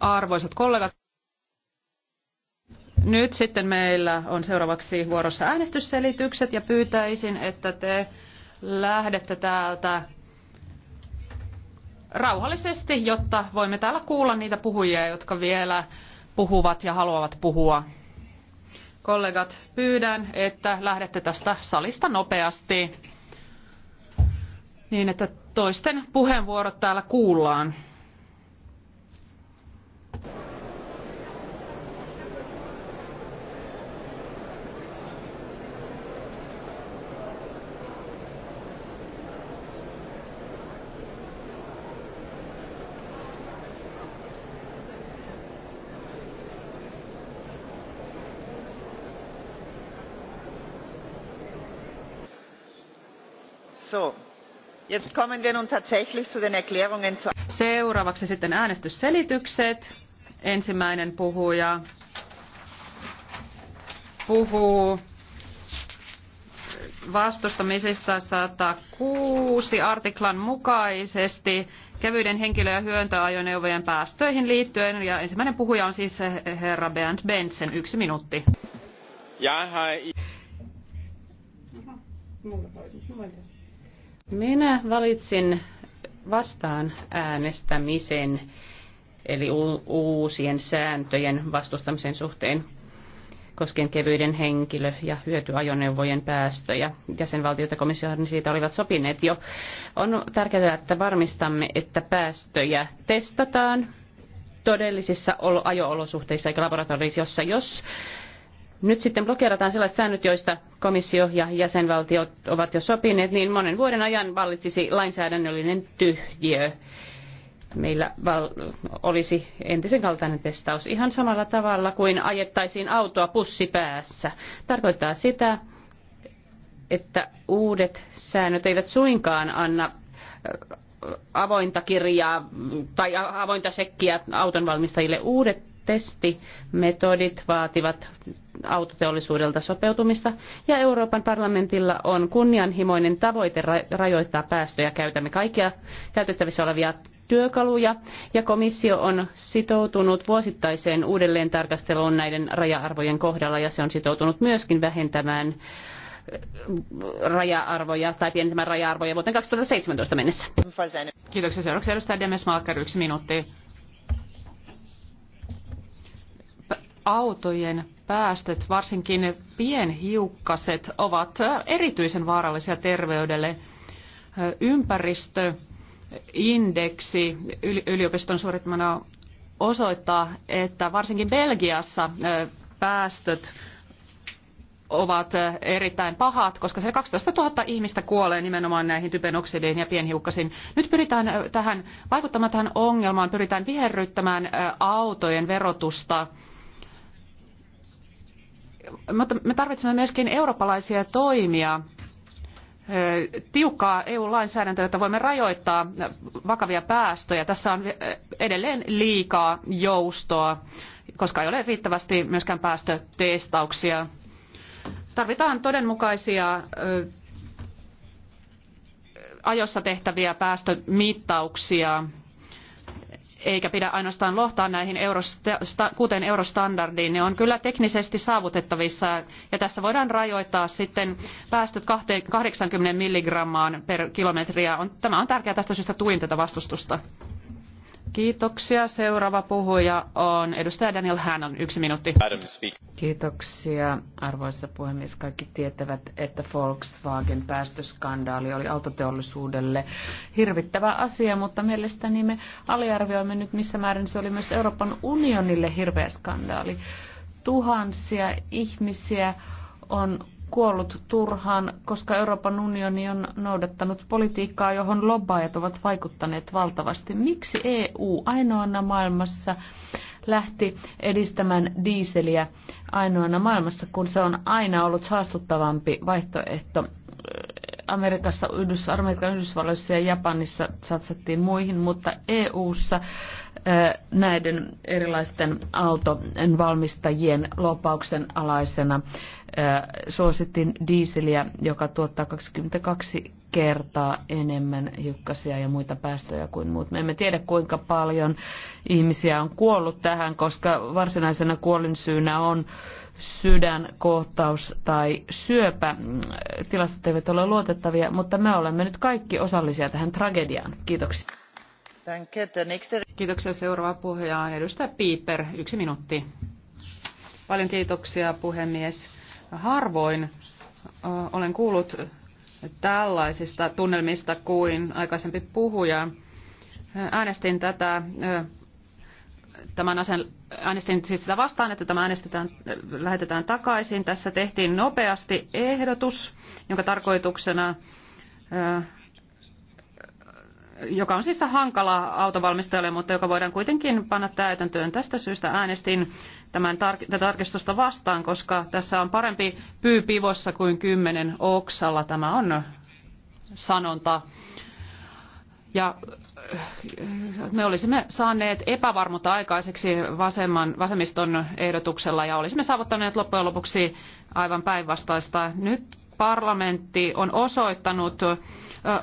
Arvoisat kollegat, nyt sitten meillä on seuraavaksi vuorossa äänestysselitykset ja pyytäisin, että te lähdette täältä rauhallisesti, jotta voimme täällä kuulla niitä puhujia, jotka vielä puhuvat ja haluavat puhua. Kollegat, pyydän, että lähdette tästä salista nopeasti niin, että toisten puheenvuorot täällä kuullaan. Seuraavaksi sitten äänestysselitykset. Ensimmäinen puhuja puhuu vastustamisesta 106 artiklan mukaisesti kevyiden henkilö- ja hyöntöajoneuvojen päästöihin liittyen. Ja ensimmäinen puhuja on siis herra Bernd Bentsen. Yksi minuutti. Ja, Aha. Mulla minä valitsin vastaan äänestämisen, eli uusien sääntöjen vastustamisen suhteen koskien kevyiden henkilö- ja hyötyajoneuvojen päästöjä. Jäsenvaltiot ja komissio siitä olivat sopineet jo. On tärkeää, että varmistamme, että päästöjä testataan todellisissa ajo-olosuhteissa eikä laboratoriossa, jos nyt sitten blokerataan sellaiset säännöt, joista komissio ja jäsenvaltiot ovat jo sopineet, niin monen vuoden ajan vallitsisi lainsäädännöllinen tyhjiö. Meillä olisi entisen kaltainen testaus ihan samalla tavalla kuin ajettaisiin autoa pussi päässä. Tarkoittaa sitä, että uudet säännöt eivät suinkaan anna äh, avointa kirjaa tai avointa sekkiä autonvalmistajille. Uudet testimetodit vaativat autoteollisuudelta sopeutumista ja Euroopan parlamentilla on kunnianhimoinen tavoite rajoittaa päästöjä. Käytämme kaikkia käytettävissä olevia työkaluja ja komissio on sitoutunut vuosittaiseen uudelleen tarkasteluun näiden raja-arvojen kohdalla ja se on sitoutunut myöskin vähentämään äh, raja-arvoja tai pienentämään raja-arvoja vuoteen 2017 mennessä. Kiitoksia. Seuraavaksi edustaja Demes Malkar, yksi minuutti. autojen päästöt, varsinkin pienhiukkaset, ovat erityisen vaarallisia terveydelle. Ympäristöindeksi yliopiston suorittamana osoittaa, että varsinkin Belgiassa päästöt ovat erittäin pahat, koska se 12 000 ihmistä kuolee nimenomaan näihin typenoksideihin ja pienhiukkasiin. Nyt pyritään tähän, vaikuttamaan tähän ongelmaan, pyritään viherryttämään autojen verotusta mutta me tarvitsemme myöskin eurooppalaisia toimia, tiukkaa EU-lainsäädäntöä, jotta voimme rajoittaa vakavia päästöjä. Tässä on edelleen liikaa joustoa, koska ei ole riittävästi myöskään päästötestauksia. Tarvitaan todenmukaisia ajossa tehtäviä päästömittauksia eikä pidä ainoastaan lohtaa näihin eurosta, kuuteen eurostandardiin, ne on kyllä teknisesti saavutettavissa. Ja tässä voidaan rajoittaa sitten päästöt 80 milligrammaan per kilometriä. tämä on tärkeää tästä syystä tuin tätä vastustusta. Kiitoksia. Seuraava puhuja on edustaja Daniel Hannon. Yksi minuutti. Kiitoksia, arvoisa puhemies. Kaikki tietävät, että Volkswagen päästöskandaali oli autoteollisuudelle hirvittävä asia, mutta mielestäni me aliarvioimme nyt, missä määrin se oli myös Euroopan unionille hirveä skandaali. Tuhansia ihmisiä on kuollut turhaan, koska Euroopan unioni on noudattanut politiikkaa, johon lobbaajat ovat vaikuttaneet valtavasti. Miksi EU ainoana maailmassa lähti edistämään diiseliä ainoana maailmassa, kun se on aina ollut saastuttavampi vaihtoehto Amerikassa, Yhdys, Amerikan Yhdysvalloissa ja Japanissa satsattiin muihin, mutta EU-ssa näiden erilaisten autojen valmistajien lopauksen alaisena suosittiin diiseliä, joka tuottaa 22 kertaa enemmän hiukkasia ja muita päästöjä kuin muut. Me emme tiedä kuinka paljon ihmisiä on kuollut tähän, koska varsinaisena kuolinsyynä on sydänkohtaus tai syöpä. Tilastot eivät ole luotettavia, mutta me olemme nyt kaikki osallisia tähän tragediaan. Kiitoksia. Kiitoksia. Seuraava puhuja on edustaja Piiper. Yksi minuutti. Paljon kiitoksia, puhemies. Harvoin olen kuullut tällaisista tunnelmista kuin aikaisempi puhuja. Äänestin tätä tämän asian äänestin siis sitä vastaan, että tämä äänestetään, lähetetään takaisin. Tässä tehtiin nopeasti ehdotus, jonka tarkoituksena joka on siis hankala autovalmistajalle, mutta joka voidaan kuitenkin panna täytäntöön. Tästä syystä äänestin tämän tar- tarkistusta vastaan, koska tässä on parempi pyy pivossa kuin kymmenen oksalla. Tämä on sanonta. Ja äh, me olisimme saaneet epävarmuutta aikaiseksi vasemman, vasemmiston ehdotuksella ja olisimme saavuttaneet loppujen lopuksi aivan päinvastaista. Nyt parlamentti on osoittanut,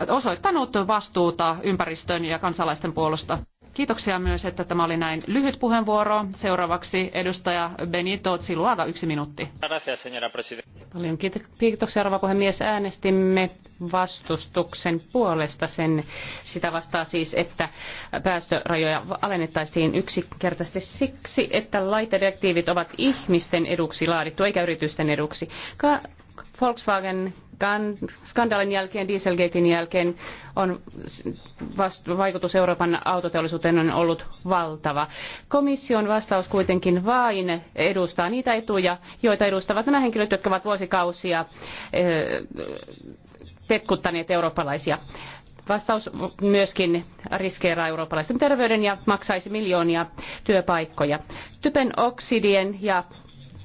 osoittanut vastuuta ympäristön ja kansalaisten puolesta. Kiitoksia myös, että tämä oli näin lyhyt puheenvuoro. Seuraavaksi edustaja Benito Zilluaga, yksi minuutti. Paljon kiitoksia, puhemies. Äänestimme vastustuksen puolesta sen, sitä vastaa siis, että päästörajoja alennettaisiin yksinkertaisesti siksi, että laitedirektiivit ovat ihmisten eduksi laadittu eikä yritysten eduksi. Ka- Volkswagen skandaalin jälkeen, Dieselgatein jälkeen on vaikutus Euroopan autoteollisuuteen on ollut valtava. Komission vastaus kuitenkin vain edustaa niitä etuja, joita edustavat nämä henkilöt, jotka ovat vuosikausia eh, petkuttaneet eurooppalaisia vastaus myöskin riskeeraa eurooppalaisten terveyden ja maksaisi miljoonia työpaikkoja. Typen oksidien ja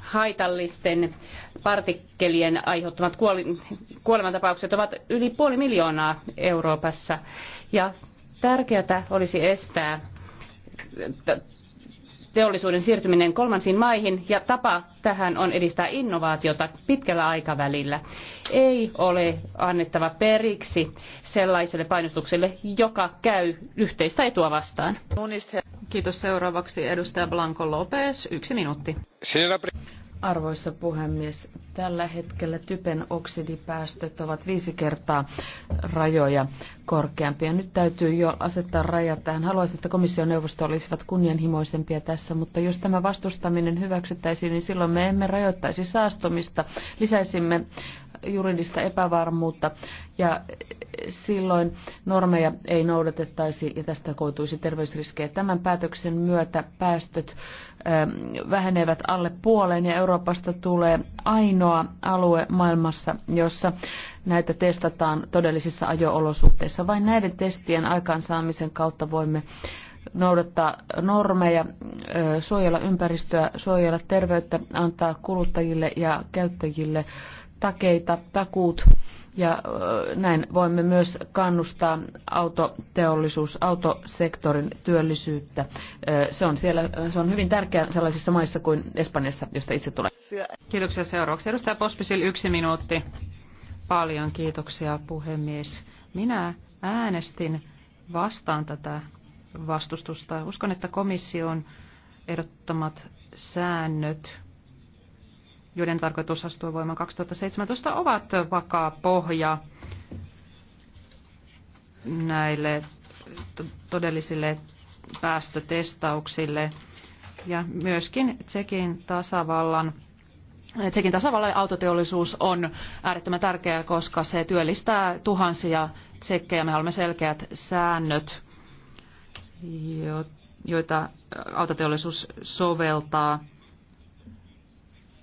haitallisten partikkelien aiheuttamat kuolemantapaukset ovat yli puoli miljoonaa Euroopassa. Ja tärkeää olisi estää teollisuuden siirtyminen kolmansiin maihin ja tapa tähän on edistää innovaatiota pitkällä aikavälillä. Ei ole annettava periksi sellaiselle painostukselle, joka käy yhteistä etua vastaan. Kiitos seuraavaksi edustaja Blanco Lopez. Yksi minuutti. Arvoisa puhemies, tällä hetkellä typen oksidipäästöt ovat viisi kertaa rajoja korkeampia. Nyt täytyy jo asettaa rajat tähän. Haluaisin, että komission neuvosto olisivat kunnianhimoisempia tässä, mutta jos tämä vastustaminen hyväksyttäisiin, niin silloin me emme rajoittaisi saastumista. Lisäisimme juridista epävarmuutta ja silloin normeja ei noudatettaisi ja tästä koituisi terveysriskejä. Tämän päätöksen myötä päästöt ähm, vähenevät alle puoleen ja Euroopasta tulee ainoa alue maailmassa, jossa näitä testataan todellisissa ajoolosuhteissa. Vain näiden testien aikaansaamisen kautta voimme noudattaa normeja, äh, suojella ympäristöä, suojella terveyttä, antaa kuluttajille ja käyttäjille takeita, takuut ja näin voimme myös kannustaa autoteollisuus, autosektorin työllisyyttä. Se on, siellä, se on hyvin tärkeä sellaisissa maissa kuin Espanjassa, josta itse tulee. Kiitoksia seuraavaksi. Edustaja Pospisil, yksi minuutti. Paljon kiitoksia puhemies. Minä äänestin vastaan tätä vastustusta. Uskon, että komission ehdottamat säännöt joiden tarkoitus astua voimaan 2017, ovat vakaa pohja näille todellisille päästötestauksille ja myöskin Tsekin tasavallan Tsekin tasavallan autoteollisuus on äärettömän tärkeää, koska se työllistää tuhansia tsekkejä. Me haluamme selkeät säännöt, joita autoteollisuus soveltaa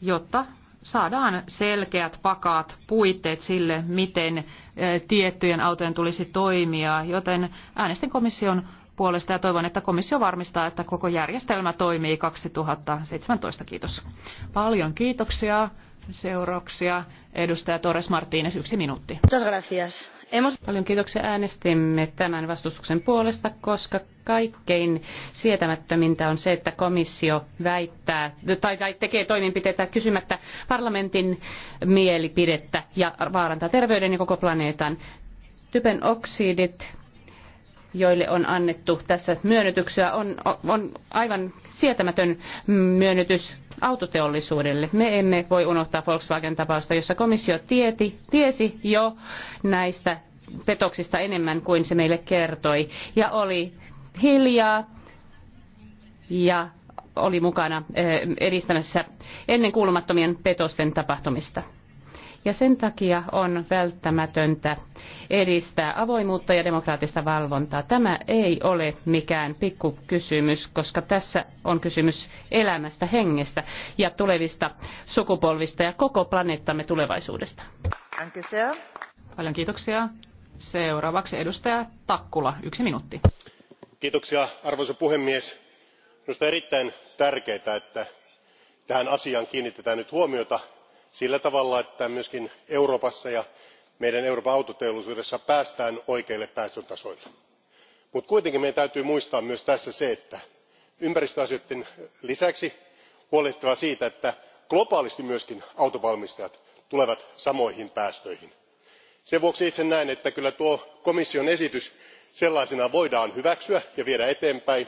jotta saadaan selkeät, pakaat puitteet sille, miten eh, tiettyjen autojen tulisi toimia, joten äänestin komission puolesta ja toivon, että komissio varmistaa, että koko järjestelmä toimii 2017. Kiitos. Paljon kiitoksia. Seurauksia. Edustaja Torres Martínez, yksi minuutti. Muchas gracias. Paljon kiitoksia. Äänestimme tämän vastustuksen puolesta, koska kaikkein sietämättömintä on se, että komissio väittää tai, tai tekee toimenpiteitä kysymättä parlamentin mielipidettä ja vaarantaa terveyden ja koko planeetan. Typen oksidit joille on annettu tässä myönnytyksiä on, on aivan sietämätön myönnytys autoteollisuudelle. Me emme voi unohtaa Volkswagen-tapausta, jossa komissio tieti, tiesi jo näistä petoksista enemmän kuin se meille kertoi ja oli hiljaa ja oli mukana eh, edistämässä ennen kuulumattomien petosten tapahtumista. Ja sen takia on välttämätöntä edistää avoimuutta ja demokraattista valvontaa. Tämä ei ole mikään pikkukysymys, koska tässä on kysymys elämästä, hengestä ja tulevista sukupolvista ja koko planeettamme tulevaisuudesta. Paljon kiitoksia. Seuraavaksi edustaja Takkula, yksi minuutti. Kiitoksia, arvoisa puhemies. Minusta on erittäin tärkeää, että tähän asiaan kiinnitetään nyt huomiota sillä tavalla että myös euroopassa ja meidän euroopan autoteollisuudessa päästään oikeille päästötasoille. mutta kuitenkin meidän täytyy muistaa myös tässä se että ympäristöasioiden lisäksi on huolehdittava siitä että globaalisti myös autonvalmistajat tulevat samoihin päästöihin. sen vuoksi itse näen että kyllä tuo komission esitys sellaisenaan voidaan hyväksyä ja viedä eteenpäin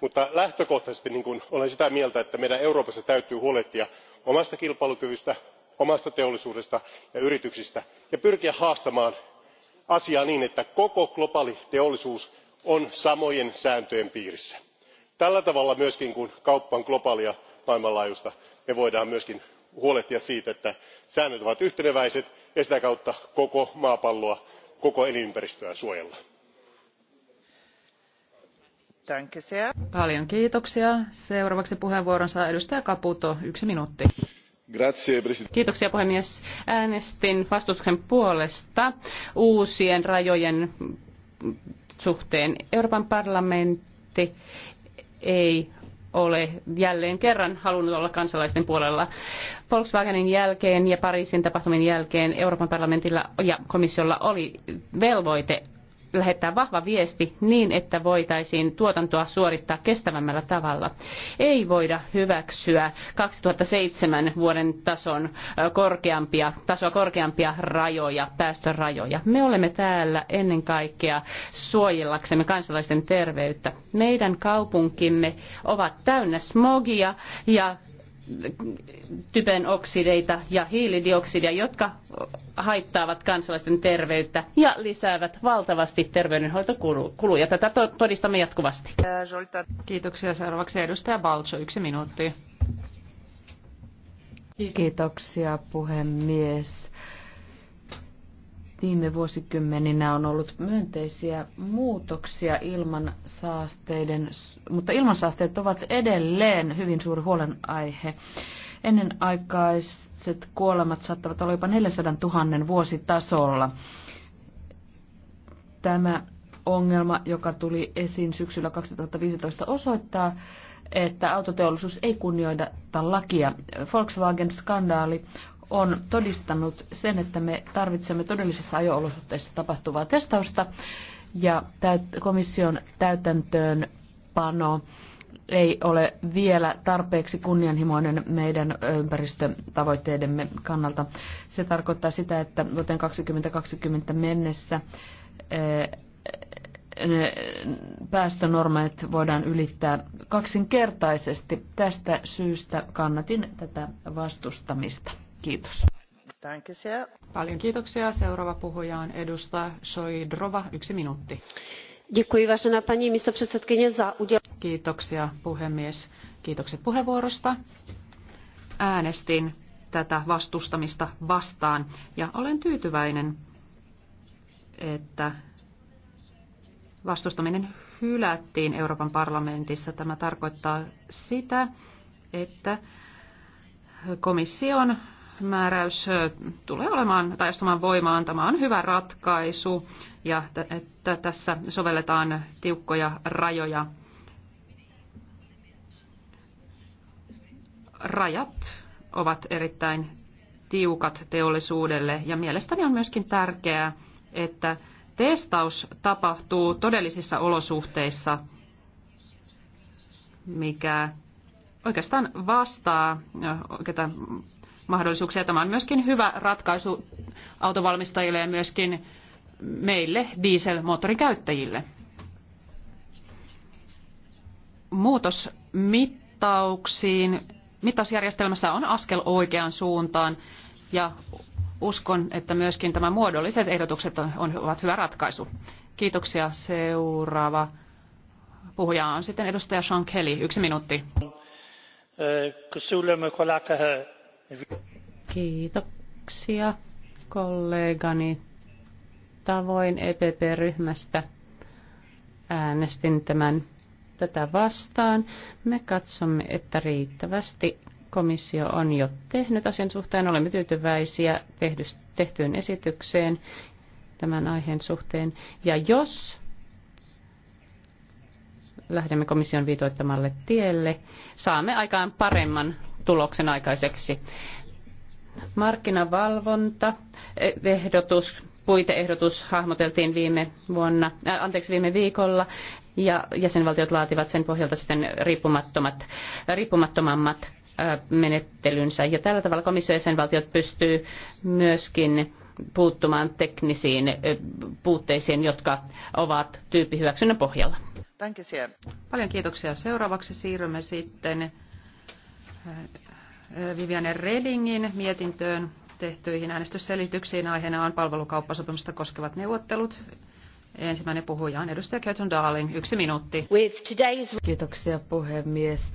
mutta lähtökohtaisesti niin olen sitä mieltä että meidän euroopassa täytyy huolehtia omasta kilpailukyvystä omasta teollisuudesta ja yrityksistä ja pyrkiä haastamaan asiaa niin että koko globaali teollisuus on samojen sääntöjen piirissä. tällä tavalla myös kun kauppa on globaalia maailmanlaajuista me voimme myös huolehtia siitä että säännöt ovat yhteneväiset ja sitä kautta koko maapalloa koko elinympäristöä suojellaan. Paljon kiitoksia. Seuraavaksi puheenvuoron saa edustaja Caputo. Yksi minuutti. Kiitoksia puhemies. Äänestin vastustuksen puolesta uusien rajojen suhteen. Euroopan parlamentti ei ole jälleen kerran halunnut olla kansalaisten puolella. Volkswagenin jälkeen ja Pariisin tapahtumien jälkeen Euroopan parlamentilla ja komissiolla oli velvoite lähettää vahva viesti niin, että voitaisiin tuotantoa suorittaa kestävämmällä tavalla. Ei voida hyväksyä 2007 vuoden tason korkeampia, tasoa korkeampia rajoja, päästörajoja. Me olemme täällä ennen kaikkea suojellaksemme kansalaisten terveyttä. Meidän kaupunkimme ovat täynnä smogia ja typen oksideita ja hiilidioksidia, jotka haittaavat kansalaisten terveyttä ja lisäävät valtavasti terveydenhoitokuluja. Tätä todistamme jatkuvasti. Kiitoksia. Seuraavaksi edustaja Balcho, yksi minuutti. Kiitoksia puhemies viime vuosikymmeninä on ollut myönteisiä muutoksia ilman saasteiden, mutta ilmansaasteet ovat edelleen hyvin suuri huolenaihe. Ennenaikaiset kuolemat saattavat olla jopa 400 000 vuositasolla. Tämä ongelma, joka tuli esiin syksyllä 2015, osoittaa, että autoteollisuus ei kunnioita lakia. Volkswagen-skandaali on todistanut sen, että me tarvitsemme todellisissa ajo-olosuhteissa tapahtuvaa testausta ja komission täytäntöönpano ei ole vielä tarpeeksi kunnianhimoinen meidän ympäristötavoitteidemme kannalta. Se tarkoittaa sitä, että vuoteen 2020 mennessä päästönormeet voidaan ylittää kaksinkertaisesti. Tästä syystä kannatin tätä vastustamista. Kiitos. Paljon kiitoksia. Seuraava puhuja on edustaja Soidrova, yksi minuutti. Kiitoksia puhemies. Kiitokset puheenvuorosta. Äänestin tätä vastustamista vastaan ja olen tyytyväinen, että vastustaminen hylättiin Euroopan parlamentissa. Tämä tarkoittaa sitä, että komission määräys tulee olemaan tai astumaan voimaan. Tämä on hyvä ratkaisu ja että tässä sovelletaan tiukkoja rajoja. Rajat ovat erittäin tiukat teollisuudelle ja mielestäni on myöskin tärkeää, että testaus tapahtuu todellisissa olosuhteissa, mikä oikeastaan vastaa mahdollisuuksia. Tämä on myöskin hyvä ratkaisu autovalmistajille ja myöskin meille dieselmoottorikäyttäjille. Muutos mittauksiin. Mittausjärjestelmässä on askel oikeaan suuntaan ja uskon, että myöskin tämä muodolliset ehdotukset on, ovat hyvä ratkaisu. Kiitoksia. Seuraava puhuja on sitten edustaja Sean Kelly. Yksi minuutti. Kiitoksia kollegani tavoin EPP-ryhmästä. Äänestin tämän tätä vastaan. Me katsomme, että riittävästi komissio on jo tehnyt asian suhteen. Olemme tyytyväisiä tehtyyn esitykseen tämän aiheen suhteen. Ja jos lähdemme komission viitoittamalle tielle, saamme aikaan paremman tuloksen aikaiseksi. Markkinavalvonta, ehdotus, puiteehdotus hahmoteltiin viime, vuonna, äh, anteeksi, viime viikolla ja jäsenvaltiot laativat sen pohjalta sitten riippumattomat, riippumattomammat äh, menettelynsä. Ja tällä tavalla komissio jäsenvaltiot pystyy myöskin puuttumaan teknisiin äh, puutteisiin, jotka ovat tyyppihyväksynnän pohjalla. Paljon kiitoksia. Seuraavaksi siirrymme sitten Äh, Viviane Redingin mietintöön tehtyihin äänestysselityksiin. Aiheena on palvelukauppasopimusta koskevat neuvottelut. Ensimmäinen puhuja on edustaja Catherine Darling. Yksi minuutti. Kiitoksia puhemies.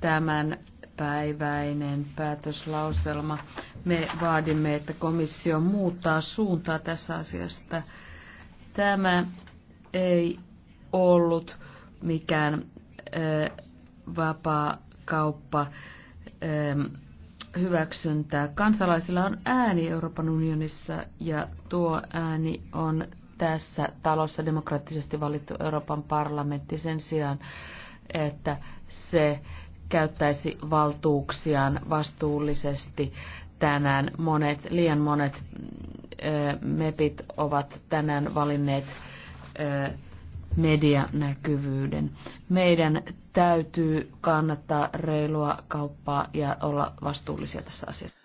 Tämän päiväinen päätöslauselma. Me vaadimme, että komissio muuttaa suuntaa tässä asiasta. Tämä ei ollut mikään ö, vapaa ihmiskauppa ähm, hyväksyntää. Kansalaisilla on ääni Euroopan unionissa ja tuo ääni on tässä talossa demokraattisesti valittu Euroopan parlamentti sen sijaan, että se käyttäisi valtuuksiaan vastuullisesti tänään. Monet, liian monet äh, mepit ovat tänään valinneet äh, medianäkyvyyden. Meidän täytyy kannattaa reilua kauppaa ja olla vastuullisia tässä asiassa.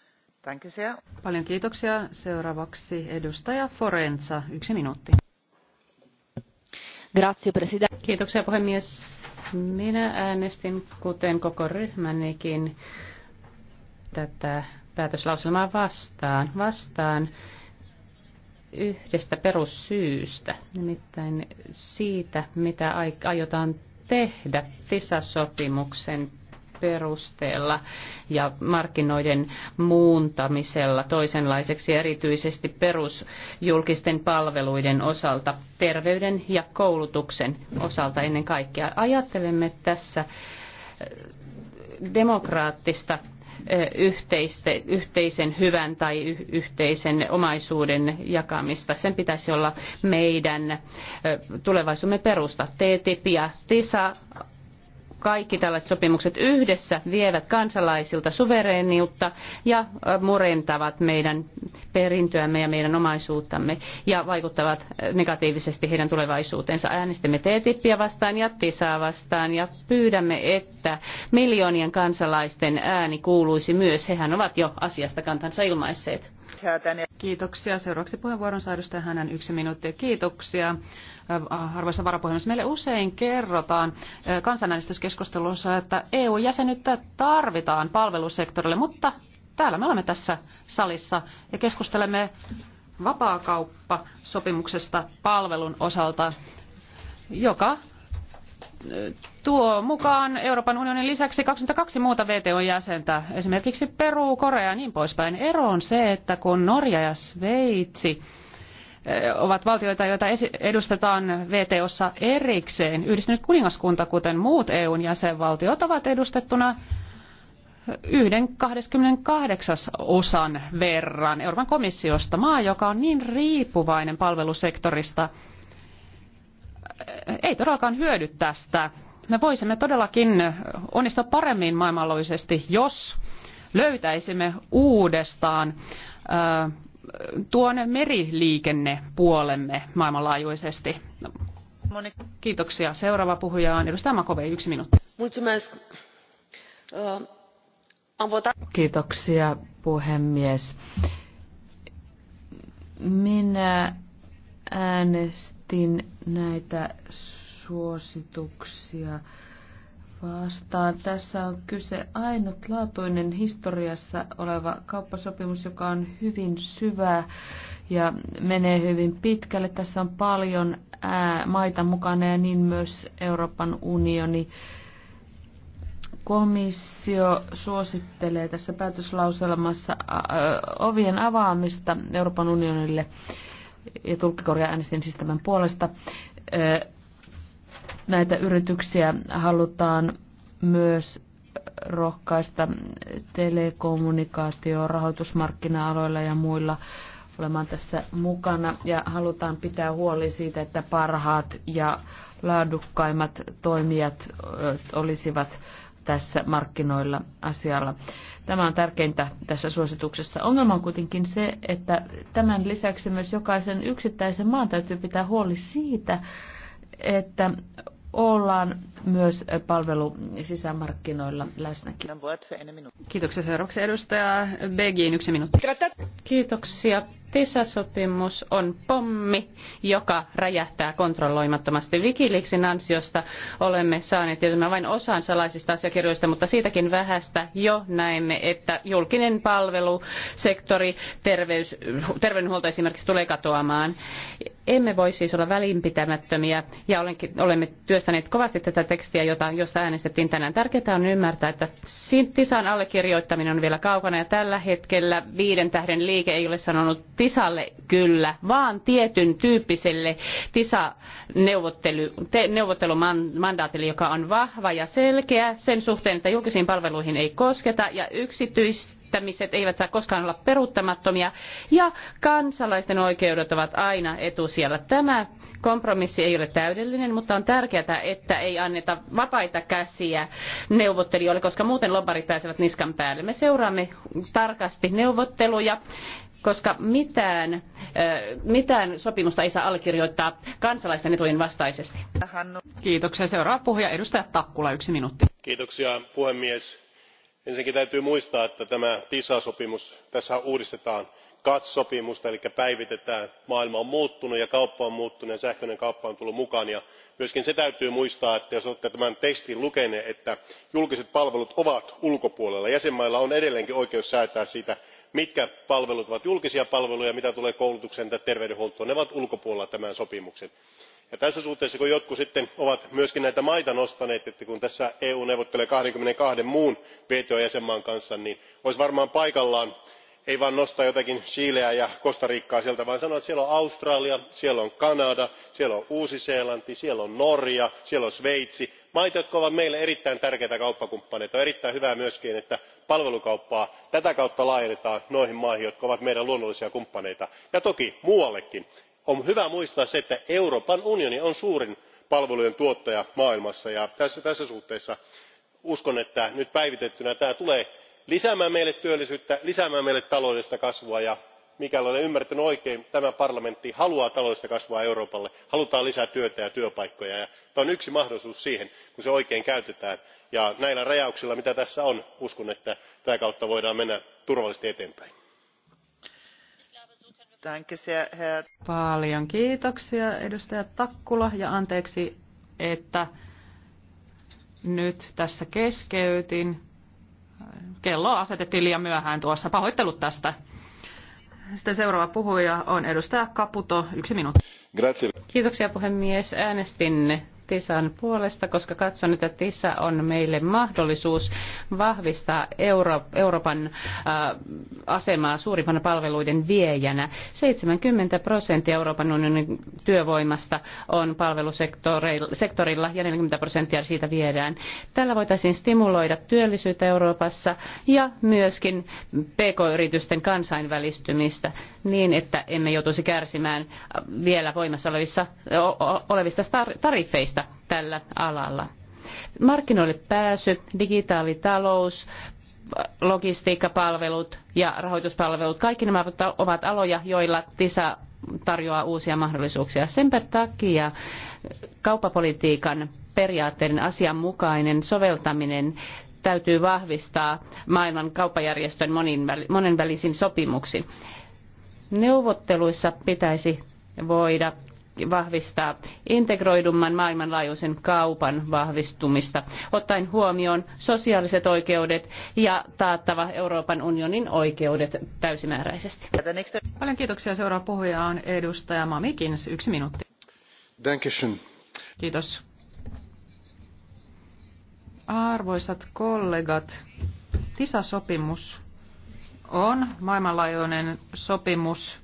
Paljon kiitoksia. Seuraavaksi edustaja Forenza, yksi minuutti. Grazie, president. Kiitoksia puhemies. Minä äänestin, kuten koko ryhmänikin, tätä päätöslauselmaa vastaan. Vastaan yhdestä perussyystä, nimittäin siitä, mitä aiotaan tehdä FISA-sopimuksen perusteella ja markkinoiden muuntamisella toisenlaiseksi erityisesti perusjulkisten palveluiden osalta, terveyden ja koulutuksen osalta ennen kaikkea. Ajattelemme tässä eh, demokraattista yhteiste, yhteisen hyvän tai yhteisen omaisuuden jakamista. Sen pitäisi olla meidän tulevaisuutemme perusta. TTIP ja TISA kaikki tällaiset sopimukset yhdessä vievät kansalaisilta suvereeniutta ja äh, murentavat meidän perintöämme ja meidän omaisuuttamme ja vaikuttavat äh, negatiivisesti heidän tulevaisuuteensa. Äänestimme TTIPia vastaan ja TISAa vastaan ja pyydämme, että miljoonien kansalaisten ääni kuuluisi myös. Hehän ovat jo asiasta kantansa ilmaisseet. Kiitoksia. Seuraavaksi puheenvuoron saa edustaja hänen yksi minuutti. Kiitoksia. Äh, arvoisa varapuhemies, meille usein kerrotaan äh, kansanäänestyskeskustelussa, että EU-jäsenyyttä tarvitaan palvelusektorille, mutta täällä me olemme tässä salissa ja keskustelemme vapaakauppasopimuksesta palvelun osalta, joka tuo mukaan Euroopan unionin lisäksi 22 muuta VTO-jäsentä, esimerkiksi Peru, Korea ja niin poispäin. Ero on se, että kun Norja ja Sveitsi eh, ovat valtioita, joita edustetaan VTOssa erikseen. Yhdistynyt kuningaskunta, kuten muut EUn jäsenvaltiot, ovat edustettuna yhden 28 osan verran Euroopan komissiosta. Maa, joka on niin riippuvainen palvelusektorista, ei todellakaan hyödy tästä. Me voisimme todellakin onnistua paremmin maailmanlaajuisesti, jos löytäisimme uudestaan tuon meriliikennepuolemme maailmanlaajuisesti. Kiitoksia. Seuraava puhuja on edustaja Makove, yksi minuutti. Kiitoksia puhemies. Minä äänestin otin näitä suosituksia vastaan. Tässä on kyse ainutlaatuinen historiassa oleva kauppasopimus, joka on hyvin syvä ja menee hyvin pitkälle. Tässä on paljon ää, maita mukana ja niin myös Euroopan unioni. Komissio suosittelee tässä päätöslauselmassa ovien avaamista Euroopan unionille ja tulkkikorja äänestin siis tämän puolesta. Näitä yrityksiä halutaan myös rohkaista telekommunikaatio, rahoitusmarkkina-aloilla ja muilla olemaan tässä mukana ja halutaan pitää huoli siitä, että parhaat ja laadukkaimmat toimijat olisivat tässä markkinoilla asialla. Tämä on tärkeintä tässä suosituksessa. Ongelma on kuitenkin se, että tämän lisäksi myös jokaisen yksittäisen maan täytyy pitää huoli siitä, että ollaan myös palvelu sisämarkkinoilla läsnäkin. Kiitoksia seuraavaksi edustaja Begin, yksi minuutti. Kiitoksia TISA-sopimus on pommi, joka räjähtää kontrolloimattomasti. Wikileaksin ansiosta olemme saaneet tietämään vain osan salaisista asiakirjoista, mutta siitäkin vähästä jo näemme, että julkinen palvelusektori, terveys, terveydenhuolto esimerkiksi tulee katoamaan. Emme voi siis olla välinpitämättömiä ja olemme työstäneet kovasti tätä tekstiä, jota, josta äänestettiin tänään. Tärkeää on ymmärtää, että TISAn allekirjoittaminen on vielä kaukana ja tällä hetkellä viiden tähden liike ei ole sanonut TISAlle kyllä, vaan tietyn tyyppiselle TISA-neuvottelumandaatille, joka on vahva ja selkeä sen suhteen, että julkisiin palveluihin ei kosketa ja yksityistämiset eivät saa koskaan olla peruuttamattomia ja kansalaisten oikeudet ovat aina etusijalla. Tämä kompromissi ei ole täydellinen, mutta on tärkeää, että ei anneta vapaita käsiä neuvottelijoille, koska muuten lobarit pääsevät niskan päälle. Me seuraamme tarkasti neuvotteluja koska mitään, mitään sopimusta ei saa allekirjoittaa kansalaisten etujen vastaisesti. Kiitoksia. Seuraava puhuja, edustaja Takkula, yksi minuutti. Kiitoksia puhemies. Ensinnäkin täytyy muistaa, että tämä TISA-sopimus, tässä uudistetaan kats sopimusta eli päivitetään. maailma on muuttunut ja kauppa on muuttunut ja sähköinen kauppa on tullut mukaan. ja myös se täytyy muistaa että jos olette tämän tekstin lukeneet että julkiset palvelut ovat ulkopuolella jäsenvaltioilla on edelleenkin oikeus säätää siitä mitkä palvelut ovat julkisia palveluja ja mitä tulee koulutukseen tai terveydenhuoltoon ne ovat ulkopuolella tämän sopimuksen. tässä suhteessa kun jotkut sitten ovat myös näitä maita nostaneet että kun tässä eu neuvottelee kaksikymmentäkaksi muun wto jäsenmaan kanssa niin olisi varmaan paikallaan ei vain nostaa jotakin chileä ja costa ricaa sieltä vaan sanoa että siellä on australia siellä on kanada siellä on uusi seelanti siellä on norja siellä on sveitsi maita jotka ovat meille erittäin tärkeitä kauppakumppaneita. on erittäin hyvä myös että palvelukauppaa tätä kautta laajennetaan noihin maihin jotka ovat meidän luonnollisia kumppaneitamme ja toki muuallekin. on hyvä muistaa se että euroopan unioni on suurin palvelujen tuottaja maailmassa ja tässä suhteessa uskon että nyt päivitettynä tämä tulee lisäämään meille työllisyyttä lisäämään meille taloudellista kasvua ja mikäli olen ymmärtänyt oikein tämä parlamentti haluaa taloudellista kasvua euroopalle halutaan lisää työtä ja työpaikkoja ja tämä on yksi mahdollisuus siihen kun se oikein käytetään ja näillä rajauksilla mitä tässä on uskon että tätä kautta voidaan mennä turvallisesti eteenpäin. Paljon kiitoksia edustaja Takkula ja anteeksi, että nyt tässä keskeytin. Kello asetettiin liian myöhään tuossa. Pahoittelut tästä. Sitten seuraava puhuja on edustaja Kaputo. yksi minuutti. Kiitoksia puhemies. Äänestin TISAn puolesta, koska katson, että TISA on meille mahdollisuus vahvistaa Euro- Euroopan äh, asemaa suurimpana palveluiden viejänä. 70 prosenttia Euroopan unionin työvoimasta on palvelusektorilla ja 40 prosenttia siitä viedään. Tällä voitaisiin stimuloida työllisyyttä Euroopassa ja myöskin pk-yritysten kansainvälistymistä niin, että emme joutuisi kärsimään vielä voimassa olevissa, olevista tariffeista osaamista tällä alalla. Markkinoille pääsy, digitaalitalous, logistiikkapalvelut ja rahoituspalvelut, kaikki nämä ovat aloja, joilla TISA tarjoaa uusia mahdollisuuksia. Sen takia kauppapolitiikan periaatteiden asianmukainen soveltaminen täytyy vahvistaa maailman kauppajärjestön monenvälisin sopimuksi. Neuvotteluissa pitäisi voida vahvistaa integroidumman maailmanlaajuisen kaupan vahvistumista, ottaen huomioon sosiaaliset oikeudet ja taattava Euroopan unionin oikeudet täysimääräisesti. Paljon kiitoksia. Seuraava puhuja on edustaja Mamikins. Yksi minuutti. Dankeschön. Kiitos. Arvoisat kollegat, TISA-sopimus on maailmanlaajuinen sopimus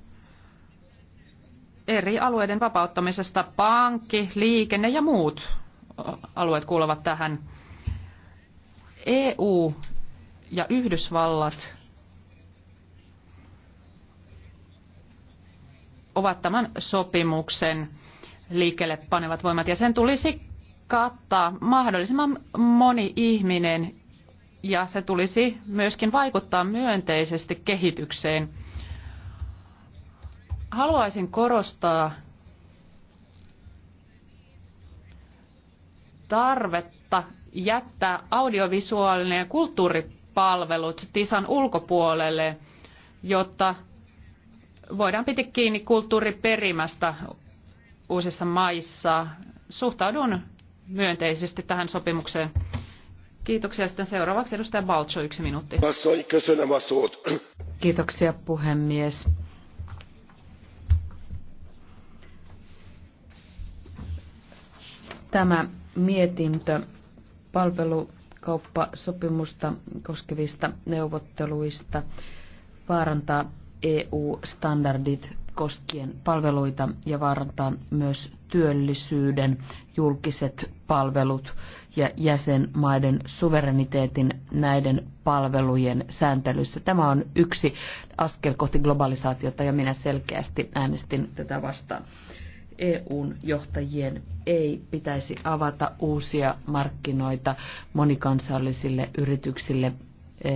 eri alueiden vapauttamisesta. Pankki, liikenne ja muut alueet kuuluvat tähän. EU ja Yhdysvallat ovat tämän sopimuksen liikkeelle panevat voimat ja sen tulisi kattaa mahdollisimman moni ihminen ja se tulisi myöskin vaikuttaa myönteisesti kehitykseen. Haluaisin korostaa tarvetta jättää audiovisuaalinen ja kulttuuripalvelut TISAn ulkopuolelle, jotta voidaan pitää kiinni kulttuuriperimästä uusissa maissa. Suhtaudun myönteisesti tähän sopimukseen. Kiitoksia. Sitten seuraavaksi edustaja Balcho, yksi minuutti. Kiitoksia puhemies. Tämä mietintö palvelukauppasopimusta koskevista neuvotteluista vaarantaa EU-standardit koskien palveluita ja vaarantaa myös työllisyyden, julkiset palvelut ja jäsenmaiden suvereniteetin näiden palvelujen sääntelyssä. Tämä on yksi askel kohti globalisaatiota ja minä selkeästi äänestin tätä vastaan. EUn johtajien ei pitäisi avata uusia markkinoita monikansallisille yrityksille e,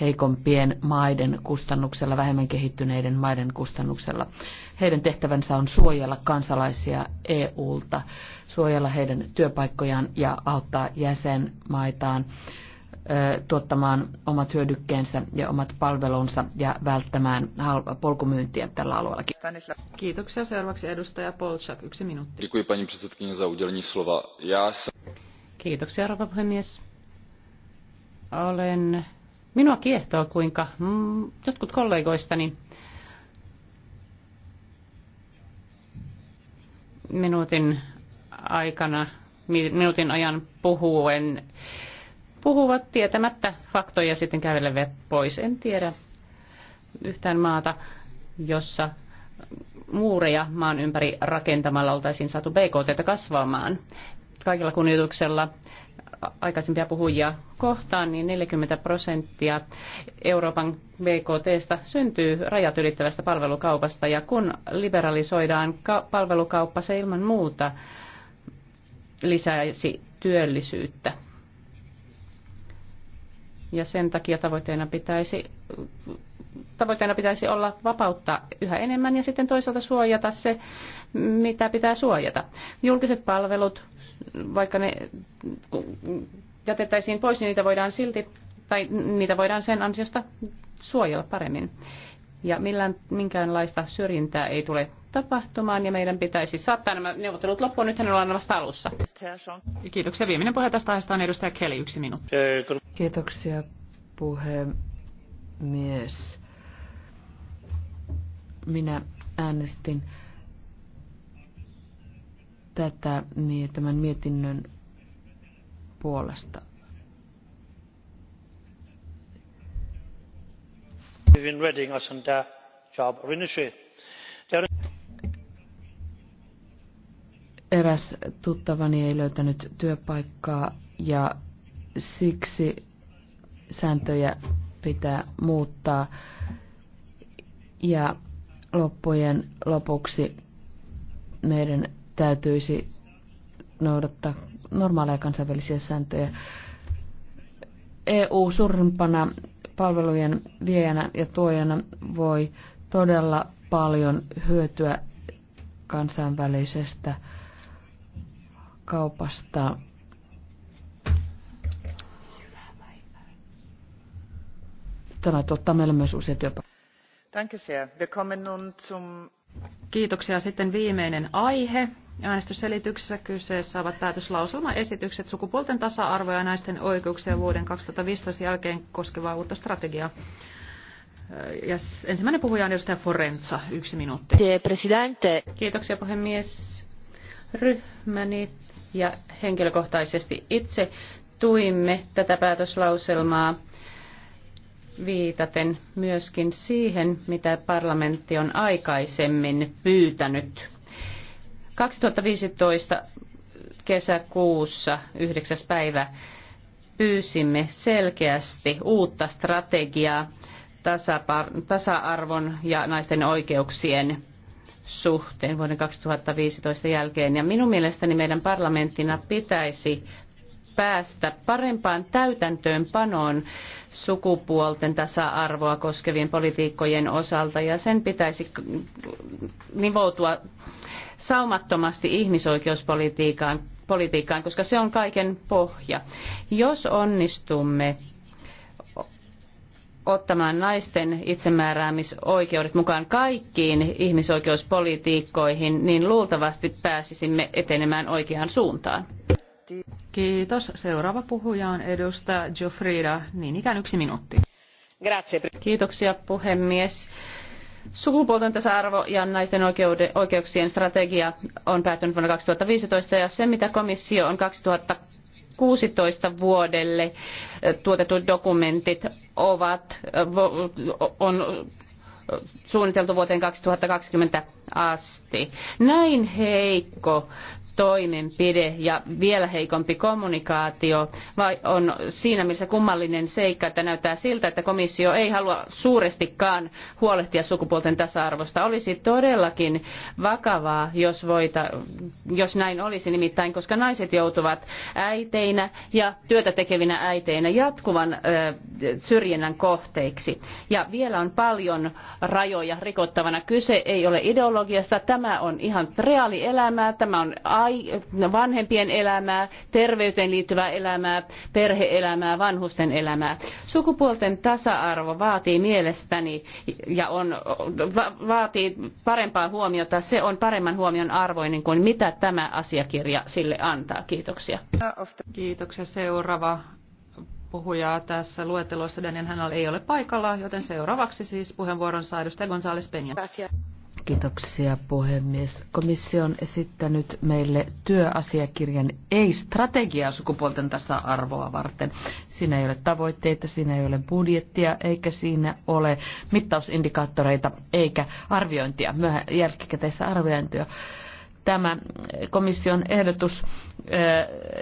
heikompien maiden kustannuksella, vähemmän kehittyneiden maiden kustannuksella. Heidän tehtävänsä on suojella kansalaisia EUlta, suojella heidän työpaikkojaan ja auttaa jäsenmaitaan tuottamaan omat hyödykkeensä ja omat palvelunsa ja välttämään halpa polkumyyntiä tällä alueella. Kiitoksia. Seuraavaksi edustaja Polchak, yksi minuutti. slova. Kiitoksia, arvoisa puhemies. Olen... Minua kiehtoo, kuinka jotkut kollegoistani minuutin aikana, minuutin ajan puhuen puhuvat tietämättä faktoja sitten kävelevät pois. En tiedä yhtään maata, jossa muureja maan ympäri rakentamalla oltaisiin saatu BKT kasvamaan. Kaikilla kunnioituksella aikaisempia puhujia kohtaan, niin 40 prosenttia Euroopan BKTstä syntyy rajat ylittävästä palvelukaupasta. Ja kun liberalisoidaan palvelukauppa, se ilman muuta lisäisi työllisyyttä. Ja sen takia tavoitteena pitäisi, tavoitteena pitäisi olla vapauttaa yhä enemmän ja sitten toisaalta suojata se, mitä pitää suojata. Julkiset palvelut, vaikka ne jätettäisiin pois, niin niitä voidaan silti, tai niitä voidaan sen ansiosta suojella paremmin ja millään, minkäänlaista syrjintää ei tule tapahtumaan ja meidän pitäisi saattaa nämä neuvottelut loppuun. Nythän ollaan vasta alussa. Kiitoksia. Viimeinen puhe tästä aiheesta on edustaja Kelly, yksi minuutti. Kiitoksia puhemies. Minä äänestin tätä, tämän mietinnön puolesta in reading os an dá job rinne sé. Eräs tuttavani ei löytänyt työpaikkaa ja siksi sääntöjä pitää muuttaa. Ja loppujen lopuksi meidän täytyisi noudattaa normaaleja kansainvälisiä sääntöjä. EU suurimpana palvelujen viejänä ja tuojana voi todella paljon hyötyä kansainvälisestä kaupasta. Tämä tuottaa meille myös uusia työpaikkoja. Kiitoksia. Sitten viimeinen aihe. Äänestysselityksessä kyseessä ovat päätöslauselmaesitykset sukupuolten tasa arvoja ja naisten oikeuksia vuoden 2015 jälkeen koskevaa uutta strategiaa. Ja ensimmäinen puhuja on edustaja Forenza, yksi minuutti. Presidente. Kiitoksia puhemies. Ryhmäni ja henkilökohtaisesti itse tuimme tätä päätöslauselmaa viitaten myöskin siihen, mitä parlamentti on aikaisemmin pyytänyt 2015 kesäkuussa 9. päivä pyysimme selkeästi uutta strategiaa tasa-arvon ja naisten oikeuksien suhteen vuoden 2015 jälkeen. Ja minun mielestäni meidän parlamenttina pitäisi päästä parempaan täytäntöönpanoon sukupuolten tasa-arvoa koskevien politiikkojen osalta ja sen pitäisi nivoutua saumattomasti ihmisoikeuspolitiikkaan, politiikkaan, koska se on kaiken pohja. Jos onnistumme ottamaan naisten itsemääräämisoikeudet mukaan kaikkiin ihmisoikeuspolitiikkoihin, niin luultavasti pääsisimme etenemään oikeaan suuntaan. Kiitos. Seuraava puhuja on edustaja Jofrida, niin ikään yksi minuutti. Kiitoksia puhemies. Sukupuolten tasa-arvo ja naisten oikeuksien strategia on päättynyt vuonna 2015 ja se, mitä komissio on 2016 vuodelle tuotetut dokumentit ovat, on suunniteltu vuoteen 2020 asti. Näin heikko toimenpide ja vielä heikompi kommunikaatio vai on siinä mielessä kummallinen seikka, että näyttää siltä, että komissio ei halua suurestikaan huolehtia sukupuolten tasa-arvosta. Olisi todellakin vakavaa, jos, voita, jos näin olisi nimittäin, koska naiset joutuvat äiteinä ja työtä tekevinä äiteinä jatkuvan syrjinnän kohteiksi. Ja vielä on paljon rajoja rikottavana. Kyse ei ole ideologiasta, teknologiasta. Tämä on ihan reaalielämää, tämä on vanhempien elämää, terveyteen liittyvää elämää, perheelämää, vanhusten elämää. Sukupuolten tasa-arvo vaatii mielestäni ja on, va, vaatii parempaa huomiota. Se on paremman huomion arvoinen kuin mitä tämä asiakirja sille antaa. Kiitoksia. Kiitoksia. Seuraava puhujaa tässä luettelossa. Daniel Hänal ei ole paikalla, joten seuraavaksi siis puheenvuoron saa edustaja González Peña. Kiitoksia puhemies. Komissio on esittänyt meille työasiakirjan ei-strategiaa sukupuolten tasa-arvoa varten. Siinä ei ole tavoitteita, siinä ei ole budjettia, eikä siinä ole mittausindikaattoreita, eikä arviointia, myöhä, jälkikäteistä arviointia tämä komission ehdotus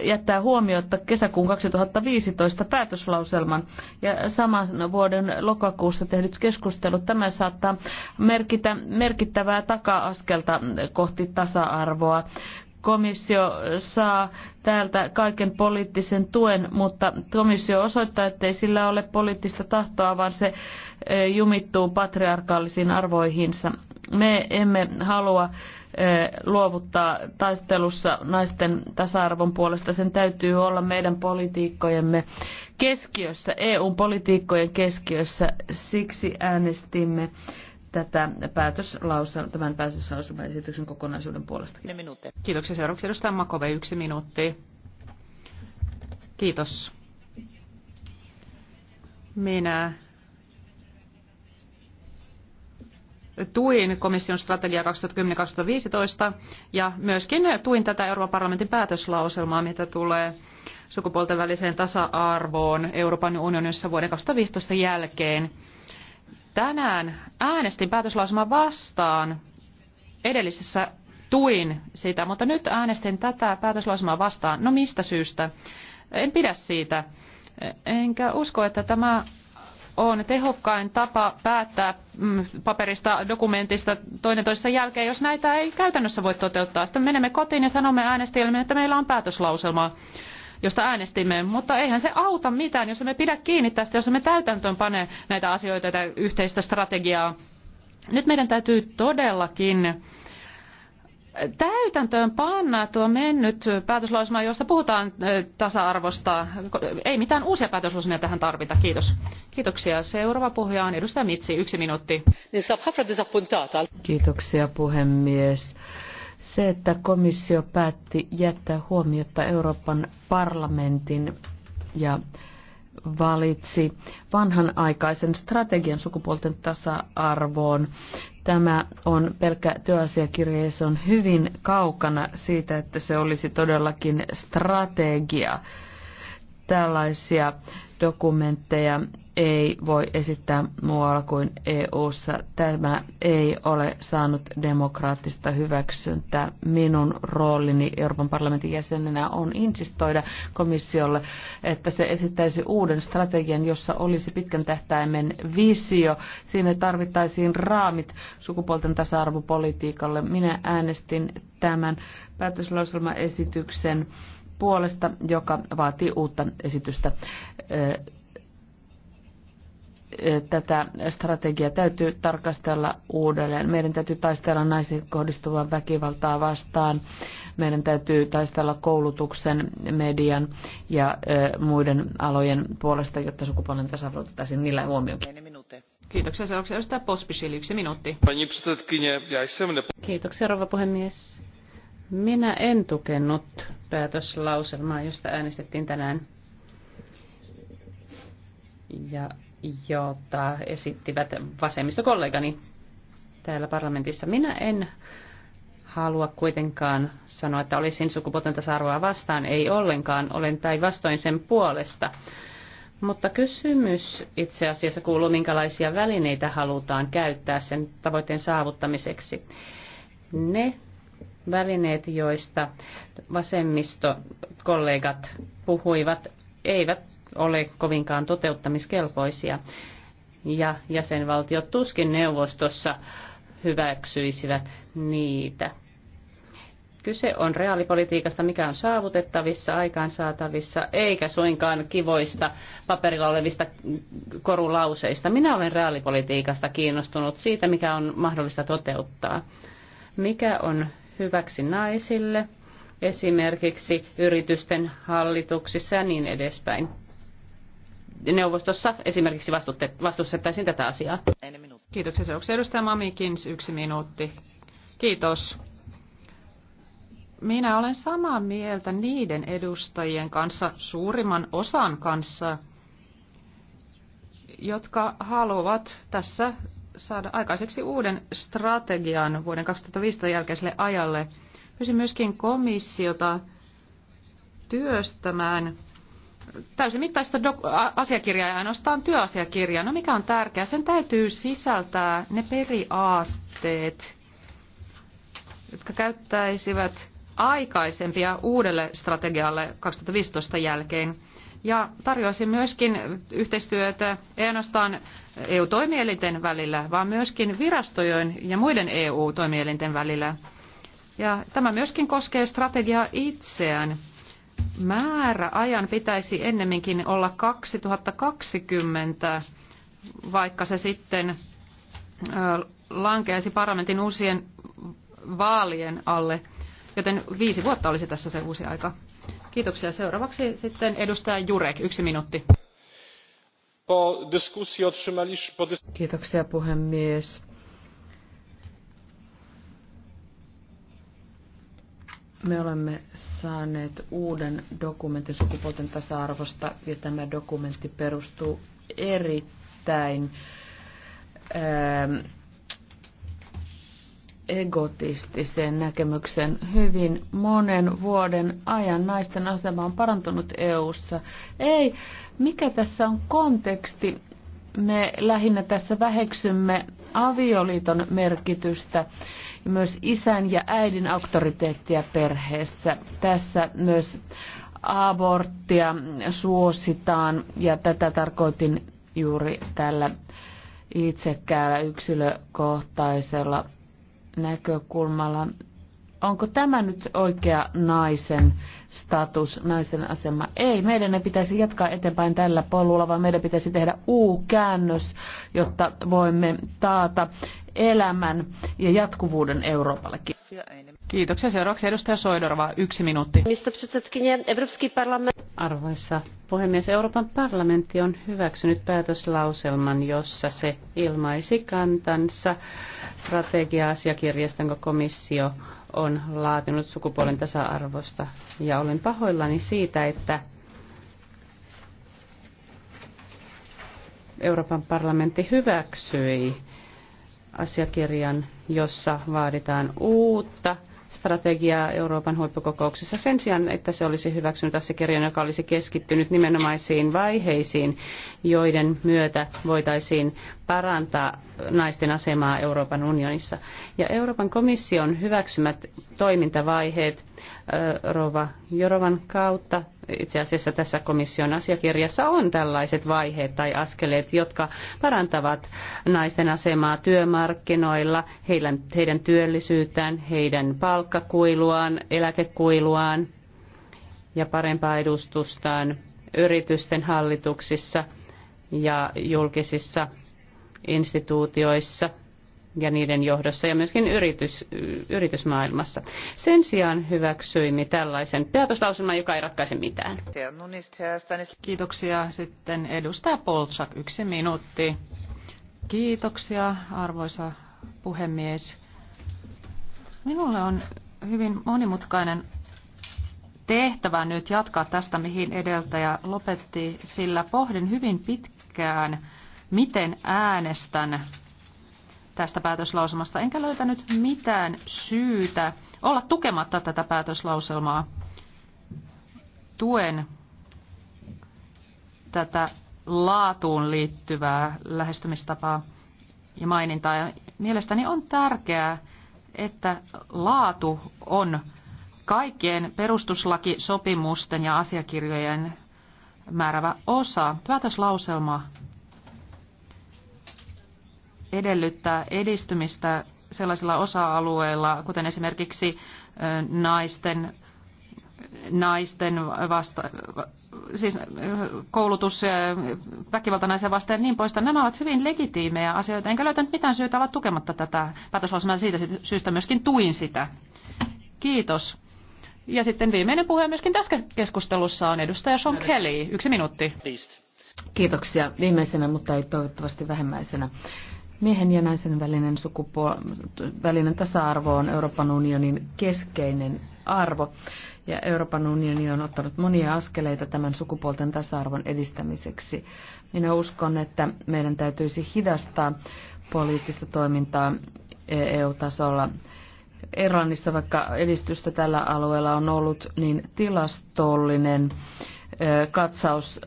jättää huomiota kesäkuun 2015 päätöslauselman ja saman vuoden lokakuussa tehdyt keskustelut. Tämä saattaa merkitä merkittävää taka-askelta kohti tasa-arvoa. Komissio saa täältä kaiken poliittisen tuen, mutta komissio osoittaa, ettei sillä ole poliittista tahtoa, vaan se jumittuu patriarkaalisiin arvoihinsa. Me emme halua luovuttaa taistelussa naisten tasa-arvon puolesta. Sen täytyy olla meidän politiikkojemme keskiössä, EU-politiikkojen keskiössä. Siksi äänestimme tätä päätöslausa, tämän päätöslauselman esityksen kokonaisuuden puolesta. Kiitoksia. Seuraavaksi edustaja Makove, yksi minuutti. Kiitos. Minä tuin komission strategia 2010-2015 ja myöskin tuin tätä Euroopan parlamentin päätöslauselmaa, mitä tulee sukupuolten väliseen tasa-arvoon Euroopan unionissa vuoden 2015 jälkeen. Tänään äänestin päätöslauselmaa vastaan. Edellisessä tuin sitä, mutta nyt äänestin tätä päätöslauselmaa vastaan. No mistä syystä? En pidä siitä. Enkä usko, että tämä on tehokkain tapa päättää mm, paperista dokumentista toinen toisessa jälkeen, jos näitä ei käytännössä voi toteuttaa. Sitten menemme kotiin ja sanomme äänestäjille, että meillä on päätöslauselma josta äänestimme, mutta eihän se auta mitään, jos emme pidä kiinni tästä, jos emme täytäntöön pane näitä asioita, tätä yhteistä strategiaa. Nyt meidän täytyy todellakin täytäntöön panna tuo mennyt päätöslausuma, josta puhutaan eh, tasa-arvosta. Ei mitään uusia päätöslausumia tähän tarvita. Kiitos. Kiitoksia. Seuraava puhuja on edustaja Mitsi. Yksi minuutti. Kiitoksia puhemies. Se, että komissio päätti jättää huomiota Euroopan parlamentin ja valitsi vanhan aikaisen strategian sukupuolten tasa-arvoon. Tämä on pelkkä työasiakirja ja se on hyvin kaukana siitä, että se olisi todellakin strategia. Tällaisia dokumentteja ei voi esittää muualla kuin EU:ssa. Tämä ei ole saanut demokraattista hyväksyntää. Minun roolini Euroopan parlamentin jäsenenä on insistoida komissiolle, että se esittäisi uuden strategian, jossa olisi pitkän tähtäimen visio. Siinä tarvittaisiin raamit sukupuolten tasa-arvopolitiikalle. Minä äänestin tämän päätöslauselmaesityksen puolesta, joka vaatii uutta esitystä Eh, tätä strategiaa täytyy tarkastella uudelleen. Meidän täytyy taistella naisiin kohdistuvaa väkivaltaa vastaan. Meidän täytyy taistella koulutuksen, median ja ö, eh, muiden alojen puolesta, jotta sukupuolen tasa-arvo otettaisiin niillä huomioon. Kiitoksia. Seuraavaksi edustaja Pospisil, yksi minuutti. Kiitoksia, rouva puhemies. Minä en tukenut päätöslauselmaa, josta äänestettiin tänään. Ja jota esittivät vasemmistokollegani täällä parlamentissa. Minä en halua kuitenkaan sanoa, että olisin sukupuolten tasa-arvoa vastaan. Ei ollenkaan, olen päinvastoin sen puolesta. Mutta kysymys itse asiassa kuuluu, minkälaisia välineitä halutaan käyttää sen tavoitteen saavuttamiseksi. Ne välineet, joista vasemmistokollegat puhuivat, eivät ole kovinkaan toteuttamiskelpoisia. Ja jäsenvaltiot tuskin neuvostossa hyväksyisivät niitä. Kyse on reaalipolitiikasta, mikä on saavutettavissa, aikaansaatavissa, eikä suinkaan kivoista paperilla olevista korulauseista. Minä olen reaalipolitiikasta kiinnostunut siitä, mikä on mahdollista toteuttaa. Mikä on hyväksi naisille, esimerkiksi yritysten hallituksissa ja niin edespäin neuvostossa esimerkiksi vastustettaisiin tätä asiaa. Kiitoksia. se Seuraavaksi edustaja Kins, yksi minuutti. Kiitos. Minä olen samaa mieltä niiden edustajien kanssa, suurimman osan kanssa, jotka haluavat tässä saada aikaiseksi uuden strategian vuoden 2015 jälkeiselle ajalle. Pyysin myöskin komissiota työstämään täysimittaista asiakirjaa ja ainoastaan työasiakirjaa. No mikä on tärkeää? Sen täytyy sisältää ne periaatteet, jotka käyttäisivät aikaisempia uudelle strategialle 2015 jälkeen. Ja tarjoaisin myöskin yhteistyötä ei ainoastaan EU-toimielinten välillä, vaan myöskin virastojen ja muiden EU-toimielinten välillä. Ja tämä myöskin koskee strategiaa itseään. Määrä ajan pitäisi ennemminkin olla 2020, vaikka se sitten lankeaisi parlamentin uusien vaalien alle, joten viisi vuotta olisi tässä se uusi aika. Kiitoksia. Seuraavaksi sitten edustaja Jurek, yksi minuutti. Kiitoksia puhemies. Me olemme saaneet uuden dokumentin sukupuolten tasa-arvosta ja tämä dokumentti perustuu erittäin ähm, egotistiseen näkemykseen. Hyvin monen vuoden ajan naisten asema on parantunut EU-ssa. Ei, mikä tässä on konteksti? me lähinnä tässä väheksymme avioliiton merkitystä ja myös isän ja äidin auktoriteettia perheessä. Tässä myös aborttia suositaan ja tätä tarkoitin juuri tällä itsekäällä yksilökohtaisella näkökulmalla. Onko tämä nyt oikea naisen status, naisen asema? Ei, meidän ei pitäisi jatkaa eteenpäin tällä polulla, vaan meidän pitäisi tehdä U-käännös, jotta voimme taata elämän ja jatkuvuuden Euroopallekin. Kiitoksia. Seuraavaksi edustaja Soidorva, yksi minuutti. Arvoisa puhemies, Euroopan parlamentti on hyväksynyt päätöslauselman, jossa se ilmaisi kantansa strategia-asiakirjasta, komissio on laatinut sukupuolen tasa-arvosta. Ja olen pahoillani siitä, että Euroopan parlamentti hyväksyi asiakirjan, jossa vaaditaan uutta strategiaa Euroopan huippukokouksessa sen sijaan, että se olisi hyväksynyt tässä kirjan, joka olisi keskittynyt nimenomaisiin vaiheisiin, joiden myötä voitaisiin parantaa naisten asemaa Euroopan unionissa. Ja Euroopan komission hyväksymät toimintavaiheet Rova Jorovan kautta itse asiassa tässä komission asiakirjassa on tällaiset vaiheet tai askeleet, jotka parantavat naisten asemaa työmarkkinoilla, heidän, heidän työllisyyttään, heidän palkkakuiluaan, eläkekuiluaan ja parempaa edustustaan yritysten hallituksissa ja julkisissa instituutioissa – ja niiden johdossa ja myöskin yritys, yritysmaailmassa. Sen sijaan hyväksyimme tällaisen päätöslauselman, joka ei ratkaise mitään. Kiitoksia. Sitten edustaja Polsak, yksi minuutti. Kiitoksia, arvoisa puhemies. Minulle on hyvin monimutkainen tehtävä nyt jatkaa tästä, mihin edeltäjä lopetti, sillä pohdin hyvin pitkään, miten äänestän tästä päätöslauselmasta, enkä löytänyt mitään syytä olla tukematta tätä päätöslauselmaa. Tuen tätä laatuun liittyvää lähestymistapaa ja mainintaa. Ja mielestäni on tärkeää, että laatu on kaikkien perustuslakisopimusten ja asiakirjojen määrävä osa. Päätöslauselma edellyttää edistymistä sellaisilla osa-alueilla, kuten esimerkiksi naisten, naisten vasta, siis koulutus, väkivaltanaisia vastaan ja niin poista. Nämä ovat hyvin legitiimejä asioita, enkä löytänyt mitään syytä olla tukematta tätä päätöslausumaa siitä syystä myöskin tuin sitä. Kiitos. Ja sitten viimeinen puhe myöskin tässä keskustelussa on edustaja Sean Kelly. Yksi minuutti. Kiitoksia viimeisenä, mutta ei toivottavasti vähemmäisenä. Miehen ja naisen välinen, sukupuol- välinen tasa-arvo on Euroopan unionin keskeinen arvo. Ja Euroopan unioni on ottanut monia askeleita tämän sukupuolten tasa-arvon edistämiseksi. Minä uskon, että meidän täytyisi hidastaa poliittista toimintaa EU-tasolla. E Erlannissa, vaikka edistystä tällä alueella on ollut, niin tilastollinen katsaus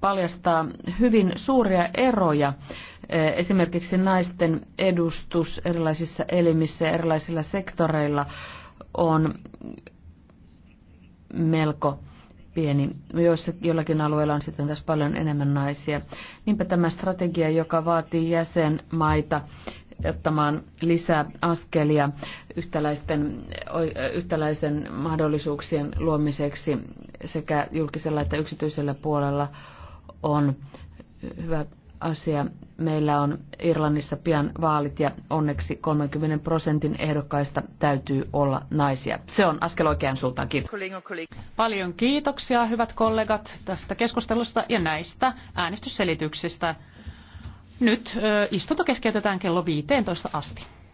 paljastaa hyvin suuria eroja eh, esimerkiksi naisten edustus erilaisissa elimissä ja erilaisilla sektoreilla on melko pieni. Joissa, jollakin alueella on sitten tässä paljon enemmän naisia. Niinpä tämä strategia, joka vaatii jäsenmaita ottamaan lisää askelia yhtäläisten, yhtäläisen mahdollisuuksien luomiseksi sekä julkisella että yksityisellä puolella on hyvä asia. Meillä on Irlannissa pian vaalit ja onneksi 30 prosentin ehdokkaista täytyy olla naisia. Se on askel oikeaan suuntaan. Kiitos. Paljon kiitoksia hyvät kollegat tästä keskustelusta ja näistä äänestysselityksistä. Nyt istunto keskeytetään kello 15 asti.